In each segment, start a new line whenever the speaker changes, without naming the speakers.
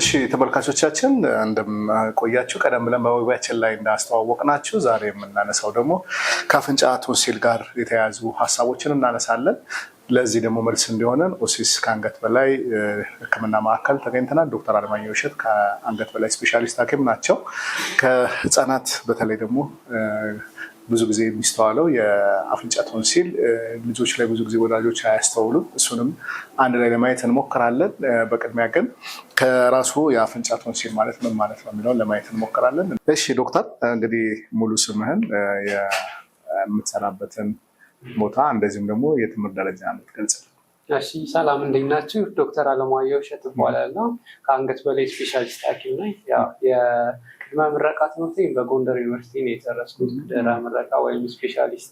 እሺ ተመልካቾቻችን እንደምቆያችሁ ቀደም ብለን በመግቢያችን ላይ እንዳስተዋወቅናችሁ ዛሬ የምናነሳው ደግሞ ከአፍንጫ ቶንሲል ጋር የተያያዙ ሀሳቦችን እናነሳለን። ለዚህ ደግሞ መልስ እንዲሆነን ኦሲስ ከአንገት በላይ ሕክምና ማዕከል ተገኝተናል። ዶክተር አለማየሁ እሸት ከአንገት በላይ ስፔሻሊስት ሐኪም ናቸው። ከህፃናት በተለይ ደግሞ ብዙ ጊዜ የሚስተዋለው የአፍንጫ ቶንሲል ልጆች ላይ ብዙ ጊዜ ወላጆች አያስተውሉም። እሱንም አንድ ላይ ለማየት እንሞክራለን። በቅድሚያ ግን ከራሱ የአፍንጫ ቶንሲል ማለት ምን ማለት ነው የሚለውን ለማየት እንሞክራለን። እሺ ዶክተር፣ እንግዲህ ሙሉ ስምህን፣ የምትሰራበትን ቦታ እንደዚሁም ደግሞ የትምህርት ደረጃ እንድትገልጽ
እሺ ሰላም እንዴት ናችሁ? ዶክተር አለማየሁ እሸት እባላለሁ ከአንገት በላይ ስፔሻሊስት ሐኪም ነኝ። የቅድመ ምረቃ ትምህርቴን በጎንደር ዩኒቨርሲቲ ነው የጨረስኩት። ድህረ ምረቃ ወይም ስፔሻሊቲ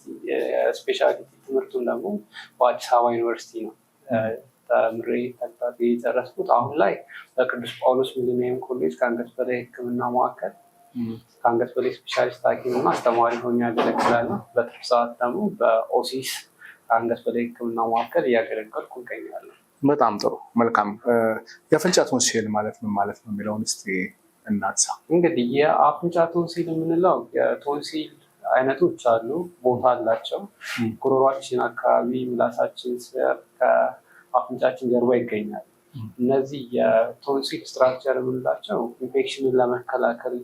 ትምህርቱን ደግሞ በአዲስ አበባ ዩኒቨርሲቲ ነው ተምሬ ተከታትዬ የጨረስኩት። አሁን ላይ በቅዱስ ጳውሎስ ሚሊኒየም ኮሌጅ ከአንገት በላይ ሕክምና መካከል ከአንገት በላይ ስፔሻሊስት ሐኪም እና አስተማሪ ሆኜ አገለግላለሁ። በትርፍ ሰዓት ደግሞ በኦሲስ አንገት በላይ ህክምና መካከል እያገለገልኩ እገኛለሁ።
በጣም ጥሩ መልካም። የአፍንጫ ቶንሲል ማለት ምን ማለት ነው የሚለውን እስኪ እናንሳ።
እንግዲህ የአፍንጫ ቶንሲል የምንለው የቶንሲል አይነቶች አሉ፣ ቦታ አላቸው። ጉሮሯችን አካባቢ ምላሳችን ስር ከአፍንጫችን ጀርባ ይገኛል። እነዚህ የቶንሲል ስትራክቸር የምንላቸው ኢንፌክሽንን ለመከላከል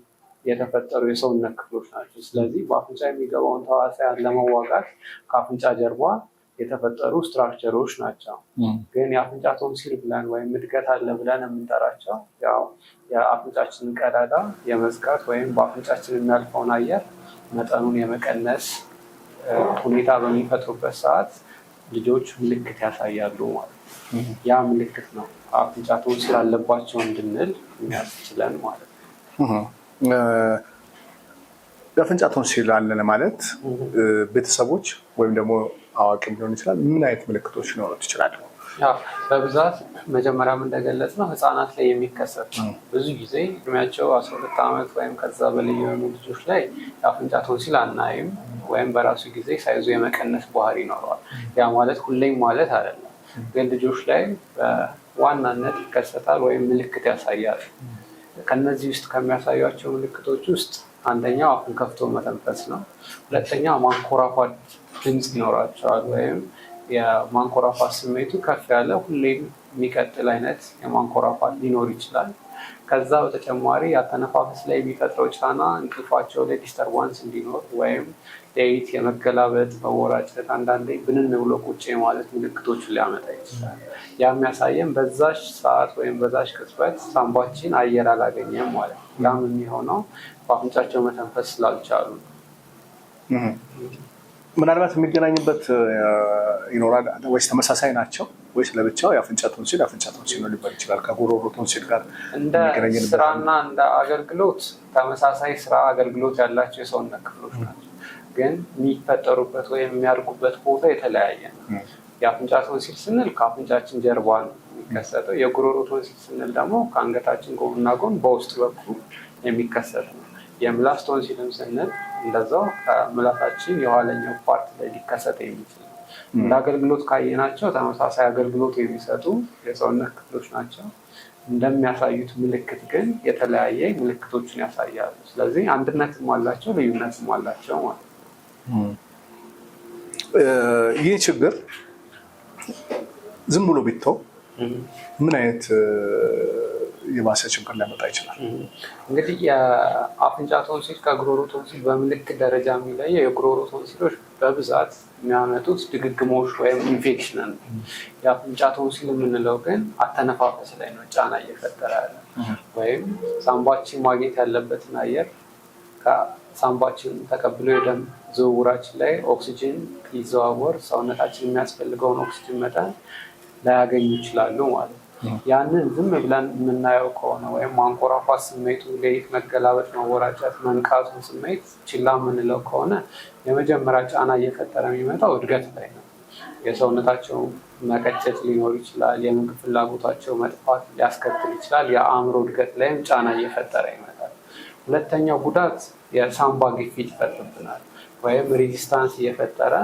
የተፈጠሩ የሰውነት ክፍሎች ናቸው። ስለዚህ በአፍንጫ የሚገባውን ተዋሳያን ለመዋጋት ከአፍንጫ ጀርባ የተፈጠሩ ስትራክቸሮች ናቸው። ግን የአፍንጫ ቶንሲል ብለን ወይም እድገት አለ ብለን የምንጠራቸው ያው የአፍንጫችንን ቀዳዳ የመዝጋት ወይም በአፍንጫችን የሚያልፈውን አየር መጠኑን የመቀነስ ሁኔታ በሚፈጥሩበት ሰዓት ልጆች ምልክት ያሳያሉ ማለት ነው። ያ ምልክት ነው አፍንጫ ቶንሲል አለባቸው እንድንል
የሚያስችለን ማለት ነው። የአፍንጫ ቶንሲል አለ ለማለት ቤተሰቦች ወይም ደግሞ አዋቂ ሊሆን ይችላል ምን አይነት ምልክቶች ሊኖሩት ይችላሉ?
በብዛት መጀመሪያም እንደገለጽ ነው ህፃናት ላይ የሚከሰት ብዙ ጊዜ እድሜያቸው አስራ ሁለት ዓመት ወይም ከዛ በላይ የሆኑ ልጆች ላይ የአፍንጫ ቶንሲል አናይም ወይም በራሱ ጊዜ ሳይዙ የመቀነስ ባህሪ ይኖረዋል። ያ ማለት ሁሌም ማለት አይደለም፣ ግን ልጆች ላይ በዋናነት ይከሰታል ወይም ምልክት ያሳያል። ከነዚህ ውስጥ ከሚያሳያቸው ምልክቶች ውስጥ አንደኛው አፉን ከፍቶ መተንፈስ ነው። ሁለተኛው ማንኮራፋ ድምፅ ይኖራቸዋል ወይም የማንኮራፋ ስሜቱ ከፍ ያለ ሁሌም የሚቀጥል አይነት የማንኮራፋት ሊኖር ይችላል። ከዛ በተጨማሪ አተነፋፈስ ላይ የሚፈጥረው ጫና እንቅልፋቸው ላይ ዲስተርባንስ እንዲኖር ወይም የመለያየት፣ የመገላበጥ፣ መወራጨት አንዳንዴ ብንን ብሎ ቁጭ ማለት ምልክቶቹን ሊያመጣ ይችላል። ያ የሚያሳየን በዛሽ ሰዓት ወይም በዛሽ ቅጽበት ሳምባችን አየር አላገኘም ማለት ነው። ያም የሚሆነው በአፍንጫቸው መተንፈስ ስላልቻሉ
ምናልባት የሚገናኝበት ይኖራል ወይስ ተመሳሳይ ናቸው? ወይስ ለብቻው የአፍንጫ ቶንሲል አፍንጫ ቶንሲል ነው ሊባል ይችላል? ከጉሮሮ ቶንሲል ጋር እንደ ስራና እንደ አገልግሎት ተመሳሳይ ስራ አገልግሎት ያላቸው የሰውነት ክፍሎች ናቸው፣
ግን የሚፈጠሩበት ወይም የሚያድጉበት ቦታ የተለያየ ነው። የአፍንጫ ቶንሲል ስንል ከአፍንጫችን ጀርባ ነው የሚከሰተው። የጉሮሮ ቶንሲል ስንል ደግሞ ከአንገታችን ጎንና ጎን በውስጥ በኩል የሚከሰት ነው። የምላስ ቶንሲልም ስንል እንደዛው ከምላሳችን የኋለኛው ፓርት ላይ ሊከሰት የሚችል እንደ አገልግሎት ካየናቸው ተመሳሳይ አገልግሎት የሚሰጡ የሰውነት ክፍሎች ናቸው። እንደሚያሳዩት ምልክት ግን የተለያየ ምልክቶችን ያሳያሉ። ስለዚህ አንድነትም አላቸው፣ ልዩነትም አላቸው
ማለት ነው። ይህ ችግር ዝም ብሎ ቢተው ምን አይነት የባሰ ችግር ሊያመጣ ይችላል?
እንግዲህ የአፍንጫ ቶንሲል ከጉሮሮ ቶንሲል በምልክት ደረጃ የሚለየው የጉሮሮ ቶንሲሎች በብዛት የሚያመጡት ድግግሞች ወይም ኢንፌክሽን ነው። የአፍንጫ ቶንሲል የምንለው ግን አተነፋፈስ ላይ ነው ጫና እየፈጠረ ያለ ወይም ሳምባችን ማግኘት ያለበትን አየር ከሳምባችን ተቀብሎ የደም ዝውውራችን ላይ ኦክሲጅን ሊዘዋወር ሰውነታችን የሚያስፈልገውን ኦክሲጅን መጠን ላያገኙ ይችላሉ ማለት ነው። ያንን ዝም ብለን የምናየው ከሆነ ወይም ማንኮራፋት ስሜቱ፣ ሌሊት መገላበጥ፣ መወራጨት፣ መንቃቱ ስሜት ችላ የምንለው ከሆነ የመጀመሪያ ጫና እየፈጠረ የሚመጣው እድገት ላይ ነው። የሰውነታቸው መቀጨት ሊኖር ይችላል። የምግብ ፍላጎታቸው መጥፋት ሊያስከትል ይችላል። የአእምሮ እድገት ላይም ጫና እየፈጠረ ይመጣል። ሁለተኛው ጉዳት የሳምባ ግፊት ይፈጥርብናል ወይም ሬዚስታንስ እየፈጠረ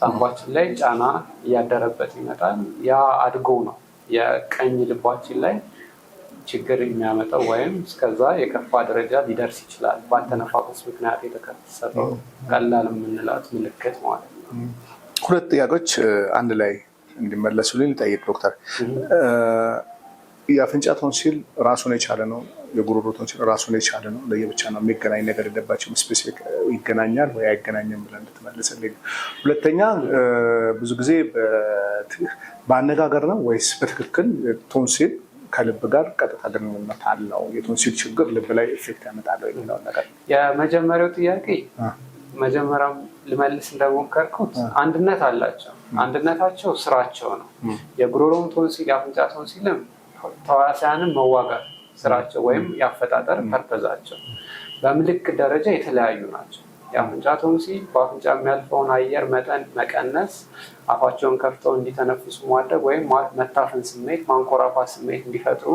ሳምባችን ላይ ጫና እያደረበት ይመጣል። ያ አድጎ ነው የቀኝ ልባችን ላይ ችግር የሚያመጣው ወይም እስከዛ የከፋ ደረጃ ሊደርስ ይችላል። ባተነፋፈስ ምክንያት የተከሰተው
ቀላል የምንላት ምልክት ማለት ነው። ሁለት ጥያቄዎች አንድ ላይ እንዲመለሱልኝ ልጠይቅ ዶክተር የአፍንጫ ቶንሲል ራሱን የቻለ ነው። የጉሮሮ ቶንሲል ራሱን የቻለ ነው። ለየብቻ ነው የሚገናኝ ነገር የለባቸውም። ስፔሲፊክ ይገናኛል ወይ አይገናኝም ብለህ እንድትመልስልኝ። ሁለተኛ ብዙ ጊዜ በአነጋገር ነው ወይስ በትክክል ቶንሲል ከልብ ጋር ቀጥታ ግንኙነት አለው? የቶንሲል ችግር ልብ ላይ ኤፌክት ያመጣለው የሚለውን ነገር
የመጀመሪያው ጥያቄ መጀመሪያም ልመልስ እንደሞከርኩት አንድነት አላቸው። አንድነታቸው ስራቸው ነው። የጉሮሮም ቶንሲል የአፍንጫ ቶንሲልም ተዋሲያንን መዋጋት ስራቸው ወይም የአፈጣጠር ፐርፐዛቸው በምልክት ደረጃ የተለያዩ ናቸው። የአፍንጫ ቶንሲል በአፍንጫ የሚያልፈውን አየር መጠን መቀነስ፣ አፋቸውን ከፍተው እንዲተነፍሱ ማድረግ ወይም መታፈን ስሜት፣ ማንኮራፋ ስሜት እንዲፈጥሩ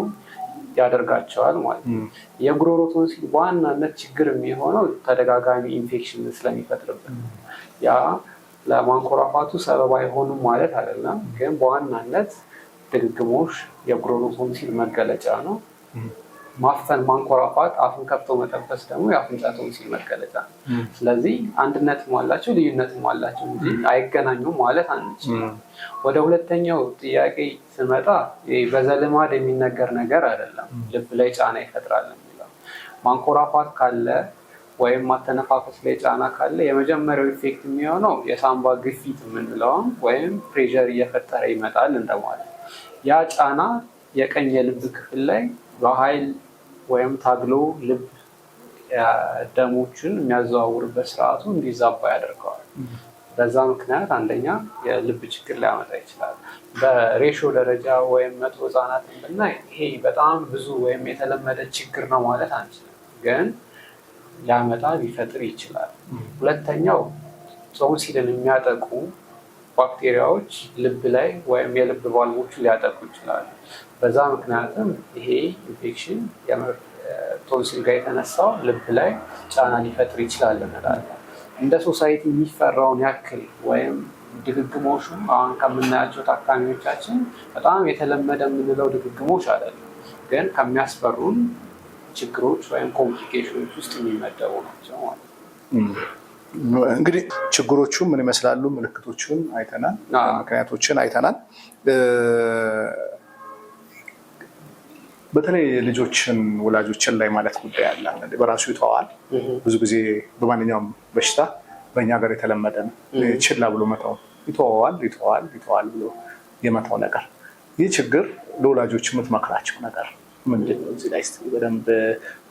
ያደርጋቸዋል ማለት ነው። የጉሮሮ ቶንሲል በዋናነት ችግር የሚሆነው ተደጋጋሚ ኢንፌክሽን ስለሚፈጥርበት ያ ለማንኮራፋቱ ሰበብ አይሆኑም ማለት አይደለም፣ ግን በዋናነት ድግግሞሽ የጉሮሮቶንሲል መገለጫ ነው። ማፈን፣ ማንኮራፋት፣ አፍን ከፍቶ መጠበስ ደግሞ የአፍንጫ ቶንሲል መገለጫ ነው። ስለዚህ አንድነትም አላቸው ልዩነትም አላቸው እንጂ አይገናኙም ማለት አንችልም። ወደ ሁለተኛው ጥያቄ ስመጣ በዘልማድ የሚነገር ነገር አይደለም፣ ልብ ላይ ጫና ይፈጥራል የሚለው ማንኮራፋት ካለ ወይም ማተነፋፈስ ላይ ጫና ካለ የመጀመሪያው ኢፌክት የሚሆነው የሳምባ ግፊት የምንለውም ወይም ፕሬሸር እየፈጠረ ይመጣል እንደማለት ያ ጫና የቀኝ የልብ ክፍል ላይ በኃይል ወይም ታግሎ ልብ ደሞችን የሚያዘዋውርበት ስርዓቱ እንዲዛባ ያደርገዋል። በዛ ምክንያት አንደኛ የልብ ችግር ሊያመጣ ይችላል። በሬሾ ደረጃ ወይም መቶ ህጻናትን ብናይ ይሄ በጣም ብዙ ወይም የተለመደ ችግር ነው ማለት አንችልም፣ ግን ሊያመጣ ሊፈጥር ይችላል። ሁለተኛው ሲልን የሚያጠቁ ባክቴሪያዎች ልብ ላይ ወይም የልብ ቫልቮች ሊያጠቁ ይችላሉ። በዛ ምክንያትም ይሄ ኢንፌክሽን ቶንሲል ጋር የተነሳው ልብ ላይ ጫና ሊፈጥር ይችላል እንላለን። እንደ ሶሳይቲ የሚፈራውን ያክል ወይም ድግግሞሹ አሁን ከምናያቸው ታካሚዎቻችን በጣም የተለመደ የምንለው ድግግሞች አይደለም፣ ግን ከሚያስፈሩን ችግሮች ወይም ኮምፕሊኬሽኖች ውስጥ የሚመደቡ ናቸው ማለት
ነው። እንግዲህ ችግሮቹ ምን ይመስላሉ፣ ምልክቶቹን አይተናል፣ ምክንያቶችን አይተናል። በተለይ ልጆችን ወላጆችን ላይ ማለት ጉዳይ አለ። በራሱ ይተዋል። ብዙ ጊዜ በማንኛውም በሽታ በእኛ ሀገር የተለመደ ነው። ችላ ብሎ መተው ይተዋል፣ ይተዋል፣ ይተዋል ብሎ የመተው ነገር። ይህ ችግር ለወላጆች የምትመክራቸው ነገር ምንድን ነው እዚህ ላይ በደንብ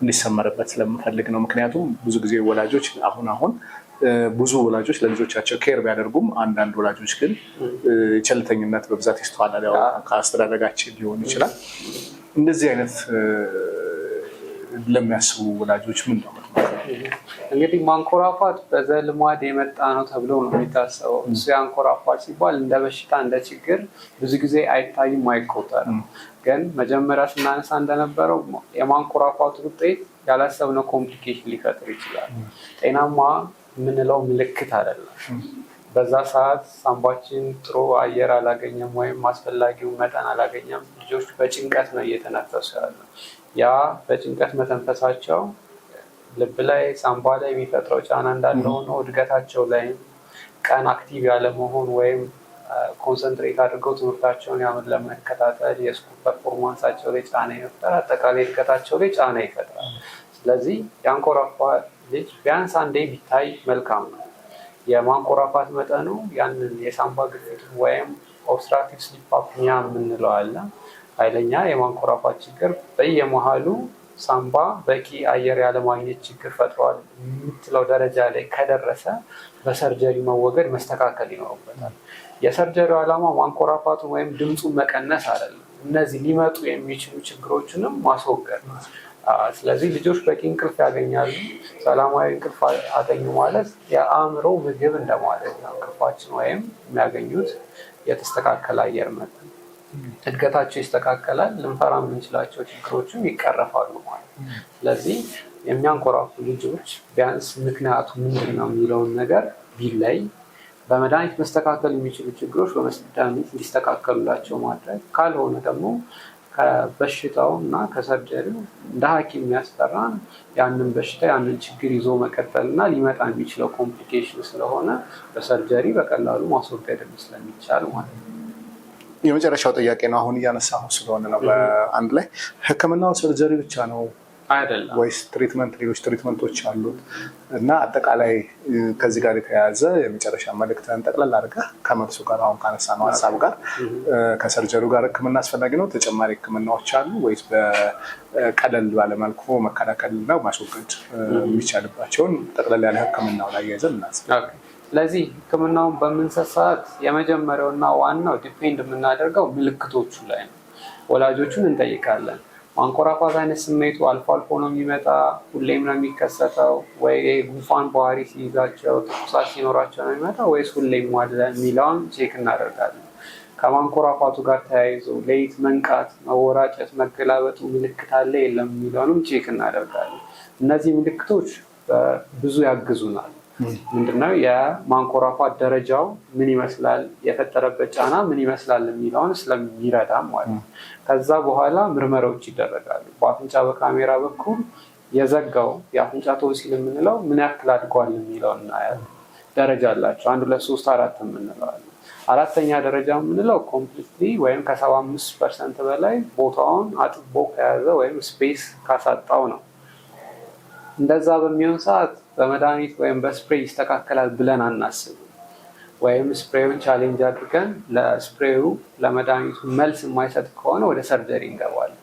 እንዲሰመርበት ስለምፈልግ ነው። ምክንያቱም ብዙ ጊዜ ወላጆች አሁን አሁን ብዙ ወላጆች ለልጆቻቸው ኬር ቢያደርጉም አንዳንድ ወላጆች ግን ቸልተኝነት በብዛት ይስተዋላል። ያው ከአስተዳደጋችን ሊሆን ይችላል። እንደዚህ አይነት ለሚያስቡ ወላጆች ምን ነው
እንግዲህ ማንኮራፋት በዘልማድ የመጣ ነው ተብሎ ነው የሚታሰበው። እሱ የአንኮራፋት ሲባል እንደ በሽታ እንደ ችግር ብዙ ጊዜ አይታይም፣ አይቆጠርም። ግን መጀመሪያ ስናነሳ እንደነበረው የማንኮራፋቱ ውጤት ያላሰብነው ኮምፕሊኬሽን ሊፈጥር ይችላል። ጤናማ የምንለው ምልክት አይደለም። በዛ ሰዓት ሳምባችን ጥሩ አየር አላገኘም ወይም አስፈላጊው መጠን አላገኘም። ልጆች በጭንቀት ነው እየተነፈሱ ያለ ያ በጭንቀት መተንፈሳቸው ልብ ላይ ሳምባ ላይ የሚፈጥረው ጫና እንዳለ ሆኖ እድገታቸው ላይም ቀን አክቲቭ ያለመሆን ወይም ኮንሰንትሬት አድርገው ትምህርታቸውን ያምን ለመከታተል የስኩል ፐርፎርማንሳቸው ላይ ጫና ይፈጥራል። አጠቃላይ እድገታቸው ላይ ጫና ይፈጥራል። ስለዚህ የአንኮራፋ ልጅ ቢያንስ አንዴ ቢታይ መልካም ነው። የማንኮራፋት መጠኑ ያንን የሳምባ ግፊት ወይም ኦብስትራክቲቭ ስሊፕ አፕኒያ ኃይለኛ የማንኮራፋት ችግር በየመሃሉ ሳምባ በቂ አየር ያለማግኘት ችግር ፈጥሯል የምትለው ደረጃ ላይ ከደረሰ በሰርጀሪ መወገድ መስተካከል ይኖርበታል። የሰርጀሪው ዓላማ ማንኮራፋቱን ወይም ድምፁን መቀነስ አይደለም። እነዚህ ሊመጡ የሚችሉ ችግሮችንም ማስወገድ ነው። ስለዚህ ልጆች በቂ እንቅልፍ ያገኛሉ። ሰላማዊ እንቅልፍ አገኙ ማለት የአእምሮ ምግብ እንደማለት ነው። እንቅልፋችን ወይም የሚያገኙት የተስተካከለ አየር መጠን እድገታቸው ይስተካከላል። ልንፈራ የምንችላቸው ችግሮችም ይቀረፋሉ ማለት ስለዚህ የሚያንኮራፉ ልጆች ቢያንስ ምክንያቱ ምንድን ነው የሚለውን ነገር ቢለይ፣ በመድኃኒት መስተካከል የሚችሉ ችግሮች በመድኃኒት እንዲስተካከሉላቸው ማድረግ ካልሆነ ደግሞ ከበሽታው እና ከሰርጀሪው እንደ ሐኪም የሚያስጠራን ያንን በሽታ ያንን ችግር ይዞ መቀጠል እና ሊመጣ የሚችለው ኮምፕሊኬሽን
ስለሆነ በሰርጀሪ በቀላሉ ማስወገድም ስለሚቻል ማለት ነው። የመጨረሻው ጥያቄ ነው። አሁን እያነሳሁ ስለሆነ ነው። በአንድ ላይ ህክምናው ሰርጀሪ ብቻ ነው አይደለም ወይስ ትሪትመንት፣ ሌሎች ትሪትመንቶች አሉት? እና አጠቃላይ ከዚህ ጋር የተያያዘ የመጨረሻ መልእክትን ጠቅለል አድርገህ ከመርሱ ጋር አሁን ካነሳ ነው ሀሳብ ጋር ከሰርጀሪው ጋር ህክምና አስፈላጊ ነው? ተጨማሪ ህክምናዎች አሉ ወይስ በቀለል ባለመልኩ መከላከልና ማስወገድ የሚቻልባቸውን ጠቅለል ያለ ህክምናው ላይ ያይዘን እናስብ።
ለዚህ ህክምናውን በምንሰጥ ሰዓት እና ዋናው ዲፔንድ የምናደርገው ምልክቶቹ ላይ ነው። ወላጆቹን እንጠይቃለን። ማንኮራፋት አይነት ስሜቱ አልፎ አልፎ ነው የሚመጣ፣ ሁሌም ነው የሚከሰተው ወይ ጉንፋን ባህሪ ሲይዛቸው ትኩሳት ሲኖራቸው ነው የሚመጣ ወይስ ሁሌም ዋለ የሚለውን ቼክ እናደርጋለን። ከማንኮራፋቱ ጋር ተያይዞ ሌሊት መንቃት፣ መወራጨት፣ መገላበጡ ምልክት አለ የለም የሚለውንም ቼክ እናደርጋለን። እነዚህ ምልክቶች ብዙ ያግዙናል። ምንድነው የማንኮራፋት ደረጃው ምን ይመስላል፣ የፈጠረበት ጫና ምን ይመስላል የሚለውን ስለሚረዳ ማለት ነው። ከዛ በኋላ ምርመራዎች ይደረጋሉ። በአፍንጫ በካሜራ በኩል የዘጋው የአፍንጫ ቶንሲል የምንለው ምን ያክል አድጓል የሚለው እናያለን። ደረጃ አላቸው። አንድ ሁለት ሶስት አራት የምንለዋለን። አራተኛ ደረጃ የምንለው ኮምፕሊትሊ ወይም ከሰባ አምስት ፐርሰንት በላይ ቦታውን አጥቦ ከያዘ ወይም ስፔስ ካሳጣው ነው። እንደዛ በሚሆን ሰዓት በመድኃኒት ወይም በስፕሬ ይስተካከላል ብለን አናስብ ወይም ስፕሬውን ቻሌንጅ አድርገን ለስፕሬዩ ለመድኃኒቱ መልስ የማይሰጥ ከሆነ ወደ ሰርጀሪ እንገባለን።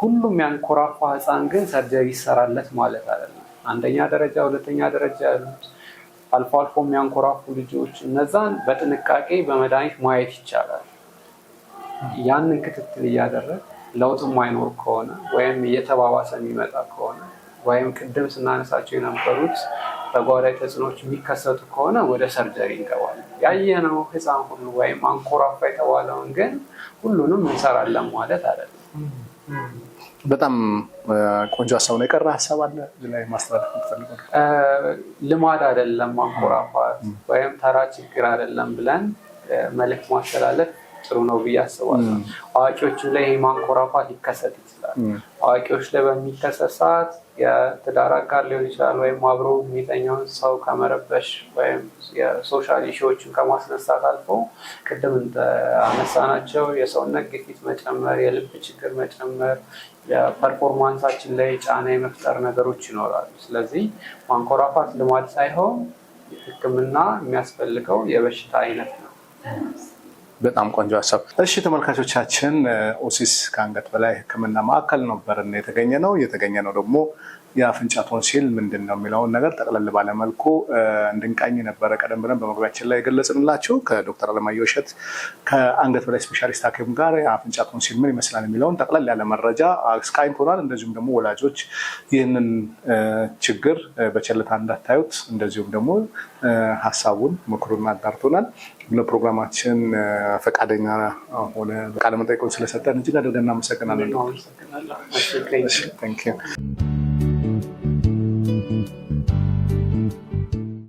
ሁሉም ያንኮራፋ ህፃን ግን ሰርጀሪ ይሰራለት ማለት አይደለም። አንደኛ ደረጃ፣ ሁለተኛ ደረጃ ያሉት አልፎ አልፎ የሚያንኮራፉ ልጆች እነዛን በጥንቃቄ በመድኃኒት ማየት ይቻላል። ያንን ክትትል እያደረግ ለውጥ የማይኖር ከሆነ ወይም እየተባባሰ የሚመጣ ከሆነ ወይም ቅድም ስናነሳቸው የነበሩት ተጓዳኝ ተጽዕኖዎች የሚከሰቱ ከሆነ ወደ ሰርጀሪ እንገባለን። ያየነው ህፃን ሁሉ ወይም አንኮራፋ የተባለውን ግን ሁሉንም እንሰራለን ማለት አይደለም።
በጣም ቆንጆ ሀሳብ ነው። የቀረ ሀሳብ አለ ላይ ማስተላለፍ የምትፈልገው?
ልማድ አይደለም አንኮራፋት ወይም ተራ ችግር አይደለም ብለን መልዕክት ማስተላለፍ ጥሩ ነው ብዬ አስባለሁ። አዋቂዎችም ላይ ይህ ማንኮራፋት ይከሰት ይችላል። አዋቂዎች ላይ በሚከሰሳት ሰዓት የትዳር አጋር ሊሆን ይችላል፣ ወይም አብሮ የሚተኛውን ሰው ከመረበሽ ወይም የሶሻል ኢሹዎችን ከማስነሳት አልፎ ቅድም እንዳነሳናቸው የሰውነት ግፊት መጨመር፣ የልብ ችግር መጨመር፣ የፐርፎርማንሳችን ላይ ጫና የመፍጠር ነገሮች ይኖራሉ። ስለዚህ ማንኮራፋት ልማድ ሳይሆን ሕክምና የሚያስፈልገው የበሽታ አይነት ነው።
በጣም ቆንጆ ሀሳብ። እሺ ተመልካቾቻችን፣ ኦሲስ ከአንገት በላይ ሕክምና ማዕከል ነበርና የተገኘ ነው የተገኘ ነው ደግሞ የአፍንጫ ቶንሲል ምንድን ነው የሚለውን ነገር ጠቅለል ባለመልኩ እንድንቃኝ ነበረ ቀደም ብለን በመግቢያችን ላይ የገለጽንላችሁ ከዶክተር አለማየሁ እሸት ከአንገት በላይ ስፔሻሊስት ሐኪም ጋር የአፍንጫ ቶንሲል ምን ይመስላል የሚለውን ጠቅለል ያለ መረጃ አስቃኝቶናል። እንደዚሁም ደግሞ ወላጆች ይህንን ችግር በቸልታ እንዳታዩት፣ እንደዚሁም ደግሞ ሀሳቡን ምክሩን አዳርቶናል። ለፕሮግራማችን ፈቃደኛ ሆነ ቃለ ስለሰጠን እጅግ አድርገን እናመሰግናለን።